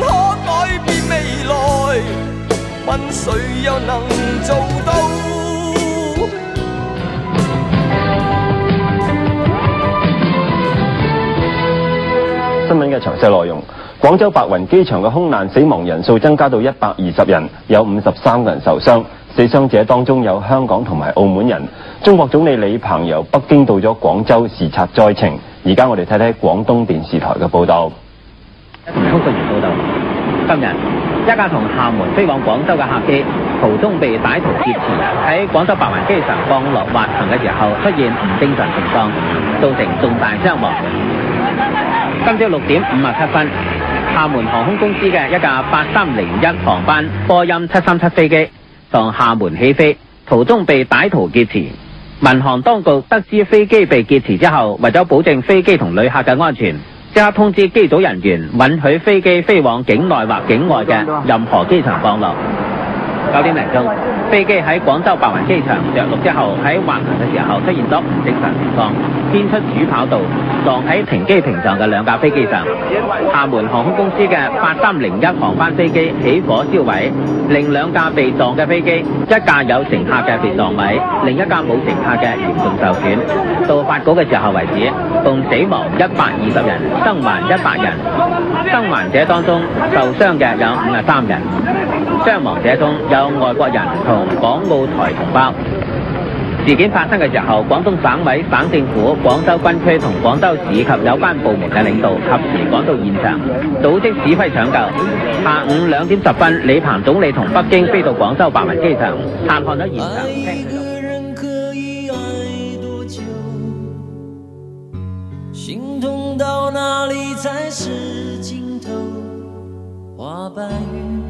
可改變未來，問誰又能做到？新聞嘅詳細內容：廣州白雲機場嘅空難死亡人數增加到一百二十人，有五十三個人受傷，死傷者當中有香港同埋澳門人。中國總理李鵬由北京到咗廣州視察災情。而家我哋睇睇廣東電視台嘅報道。 今日一架從廈門飛往廣州嘅客機，途中被歹徒劫持，喺廣州白雲機場降落滑行嘅時候，出現唔正常情況，造成重大傷亡。嗯嗯嗯、今朝六點五十七分，廈門航空公司嘅一架八三零一航班波音七三七飛機從廈門起飛，途中被歹徒劫持。民航當局得知飛機被劫持之後，為咗保證飛機同旅客嘅安全。即刻通知機組人員，允許飛機飛往境內或境外嘅任何機場降落。九點零鐘，飛機喺廣州白雲機場着陸之後，喺滑行嘅時候出現咗唔正常情況，偏出主跑道，撞喺停機坪上嘅兩架飛機上。廈門航空公司嘅八三零一航班飛機起火燒毀，另兩架被撞嘅飛機，一架有乘客嘅被撞毀，另一架冇乘客嘅嚴重受損。到發稿嘅時候為止，共死亡一百二十人，生還一百人，生還者當中受傷嘅有五十三人，傷亡者中。有外國人同港澳台同胞。事件發生嘅時候，廣東省委、省政府、廣州軍區同廣州市及有關部門嘅領導，及時趕到現場，組織指揮搶救。下午兩點十分，李鵬總理同北京飛到廣州白雲機場，探看咗現場。